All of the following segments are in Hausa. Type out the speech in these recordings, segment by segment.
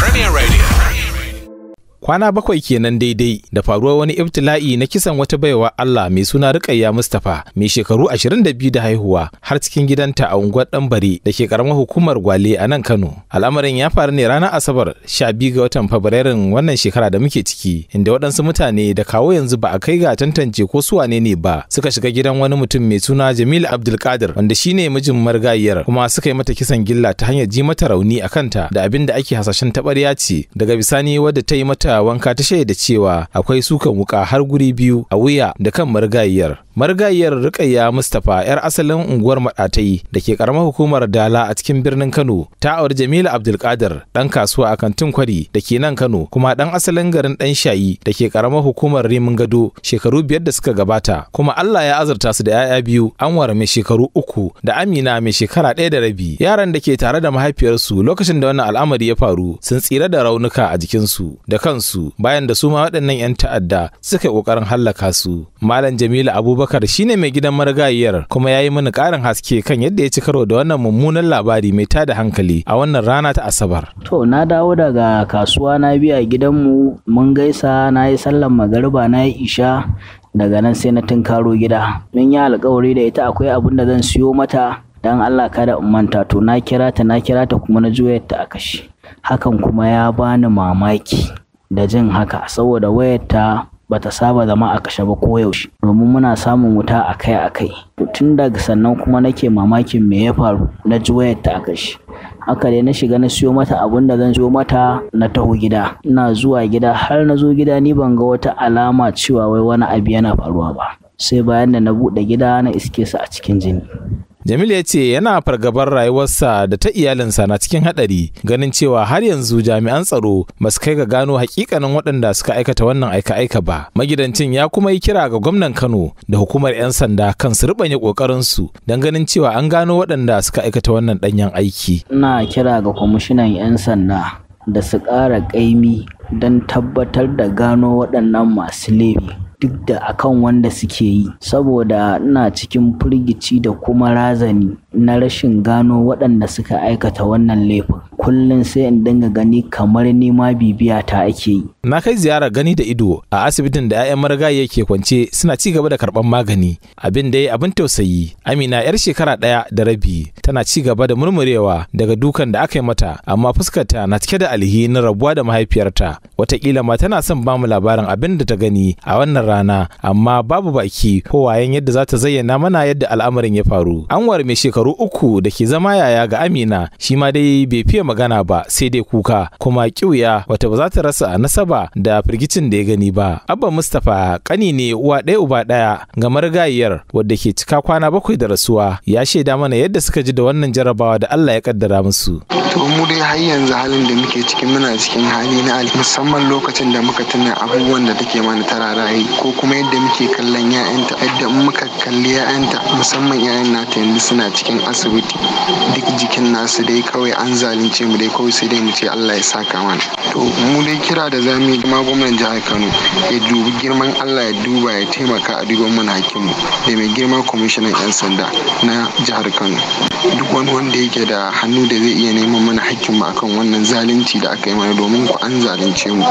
Premier Radio. kwana bakwai kenan daidai da faruwar wani ibtila'i na kisan wata baiwa Allah mai suna Rukayya Mustapha mai shekaru ashirin da da haihuwa har cikin gidanta a unguwar Danbare da ke karamar hukumar Gwale a nan Kano. Al'amarin ya faru ne ranar Asabar Sha biyu ga watan Fabrairun wannan shekara da muke ciki inda waɗansu mutane da kawo yanzu ba a kai ga tantance ko su wane ne ba suka shiga gidan wani mutum mai suna Jamil Abdulkadir wanda shine mijin marigayiyar kuma suka yi mata kisan gilla ta hanyar ji mata rauni a kanta da abin da ake hasashen taɓarya ce daga bisani wadda ta yi mata wanka ta shaida cewa akwai sukan wuka har guri biyu a wuya da kan marigayiyar marigayiyar Rukayya mustapha yar asalin unguwar madatai da ke karamar hukumar dala a cikin birnin kano ta auri Jamilu abdulkadir ɗan kasuwa a kantin kwari da ke nan kano kuma ɗan asalin garin ɗan shayi da ke karamar hukumar rimin gado shekaru biyar da suka gabata kuma allah ya azurta su da 'ya'ya biyu anwar mai shekaru uku da amina mai shekara ɗaya da rabi yaran da ke tare da mahaifiyarsu lokacin da wannan al'amari ya faru sun tsira da raunuka a jikinsu da kansu kansu bayan da su ma waɗannan 'yan ta'adda suka yi ƙoƙarin hallaka su. Malam Jamilu Abubakar shine mai gidan marigayiyar kuma ya yi mini ƙarin haske kan yadda ya ci karo da wannan mummunan labari mai tada hankali a wannan rana ta Asabar. To na dawo daga kasuwa na biya gidanmu mun gaisa na yi sallan magariba na yi isha daga nan sai na tunkaro gida. Mun yi alkawari da ita akwai abin da zan siyo mata dan Allah kada in manta to na kira ta na kira ta kuma na juyar ta a kashi hakan kuma ya bani mamaki da jin haka saboda wayarta ba ta saba zama a kashe ba ko yaushe, domin muna samun wuta a kai-a kai. tun daga sannan kuma nake mamakin me ya faru na ji wayarta a kashe haka dai na shiga na siyo mata abin da zan siyo mata na taho gida ina zuwa gida har na zo gida ni ban ga wata alama cewa wai wani abu yana faruwa ba sai bayan da na buɗe gida na iske su a cikin jini Jamilu ya ce yana fargabar rayuwarsa da ta iyalinsa na cikin haɗari ganin cewa har yanzu jami'an tsaro ba su kai ga gano hakikanin waɗanda suka aikata wannan aika-aika ba. Magidancin ya kuma yi kira ga gwamnan Kano da hukumar 'yan sanda kan su riɓanya ƙoƙarinsu don ganin cewa an gano waɗanda suka aikata wannan ɗanyen aiki. Ina kira ga kwamishinan 'yan sanda da su ƙara ƙaimi don tabbatar da gano waɗannan masu laifi. duk da akan wanda suke yi saboda ina cikin firgici da kuma razani na rashin gano waɗanda suka aikata wannan laifin kullum sai in dinga gani kamar nema bibiya ta ake yi. Na kai ziyara gani da ido a asibitin da 'ya'yan marigayi yake kwance suna ci gaba da karɓar magani. Abin dai abin tausayi. Amina 'yar shekara ɗaya da rabi tana ci gaba da murmurewa daga dukan da aka yi mata amma fuskarta na cike da alhinin rabuwa da mahaifiyarta. Wataƙila ma tana son bamu labarin abin da ta gani a wannan rana amma babu baki ko wayan yadda za ta zayyana mana yadda al'amarin ya faru. Anwar mai shekaru uku da ke zama yaya ga Amina shi ma dai bai fiye magana ba sai dai kuka kuma kiwuya wata ba za ta rasa nasaba da firgicin da ya gani ba abba mustapha kani ne uwa ɗaya uba ɗaya ga marigayiyar wadda ke cika kwana bakwai da rasuwa ya shaida mana yadda suka ji da wannan jarabawa da allah ya kaddara musu to mu dai har yanzu halin da muke cikin muna cikin hali na musamman lokacin da muka tuna abubuwan da take mana tara rayi ko kuma yadda muke kallon 'ya'yanta yadda muka kalli 'ya'yanta musamman 'ya'yan nata yanzu suna cikin asibiti duk jikin nasu dai kawai an zalunci ce mu dai kawai sai dai mu ce Allah ya saka mana to mu dai kira da zamu yi gwamnan jihar Kano ya dubi girman Allah ya duba ya taimaka a dubon mana mu da mai girma kwamishinan 'yan sanda na jihar Kano duk wani wanda yake da hannu da zai iya neman mana mu akan wannan zalunci da aka yi mana domin ku an zalunce mu.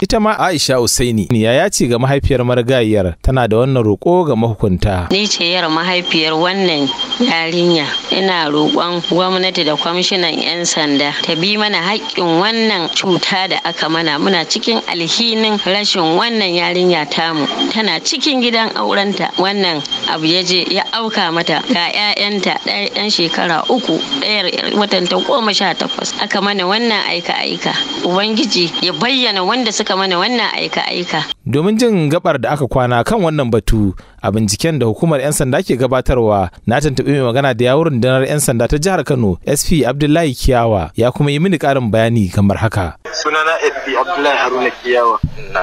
Ita ma Aisha Usaini ya ce ga mahaifiyar marigayiyar tana da wannan roƙo ga mahukunta. Ni ce yar mahaifiyar wannan yarinya ina roƙon gwamnati da kwamishinan 'yan sanda sanda ta bi mana haƙƙin wannan cuta da aka mana muna cikin alhinin rashin wannan yarinya tamu tana cikin gidan aurenta wannan abu ya je ya auka mata ga 'ya'yanta ɗaya 'yan shekara uku ɗaya watan ta goma sha takwas aka mana wannan aika-aika ubangiji ya bayyana wanda suka mana wannan aika-aika domin jin gabar da aka kwana kan wannan batu a binciken da hukumar 'yan sanda ke gabatarwa na tantabi mai magana da yawon rundunar 'yan sanda ta jihar kano sp abdullahi kiyawa ya kuma yi mini karin bayani kamar haka sunana sp abdullahi haruna kiyawa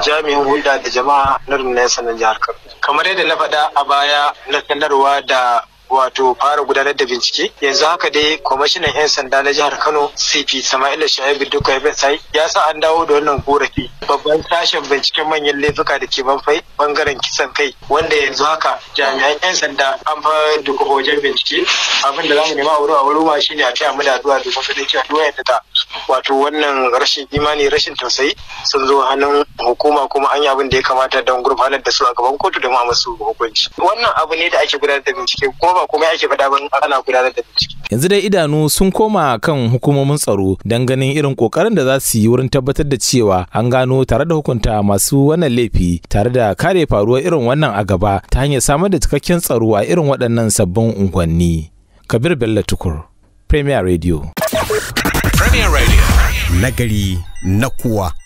jami'in hulɗa da jama'a na rundunar 'yan sanda jihar kano kamar yadda na faɗa a baya na sanarwa da wato fara gudanar da bincike yanzu haka dai kwamishinan 'yan sanda na jihar kano cp sama'ila sha'ibu duka sai ya sa an dawo da wannan korafi babban sashen binciken manyan laifuka da ke banfai bangaren kisan kai wanda yanzu haka jami'an 'yan sanda an fa duka wajen bincike abin da zamu nema wuri a wuri ma shine a taya mu da zuwa domin ganin cewa duk yadda ta wato wannan rashin imani rashin tausayi sun zo hannun hukuma kuma an yi abin da ya kamata don gurfanar da su a gaban kotu da ma musu hukunci wannan abu ne da ake gudanar da bincike kuma komai ake faɗa ana gudanar da bincike. Yanzu dai idanu sun koma kan hukumomin tsaro don ganin irin kokarin da za su yi wurin tabbatar da cewa an gano tare da hukunta masu wannan laifi tare da kare faruwar irin wannan a gaba ta hanyar samar da cikakken tsaro a irin waɗannan sabbin unguwanni. Kabir Bello Tukur, Premier Radio. Premier Radio. Nagari na kuwa.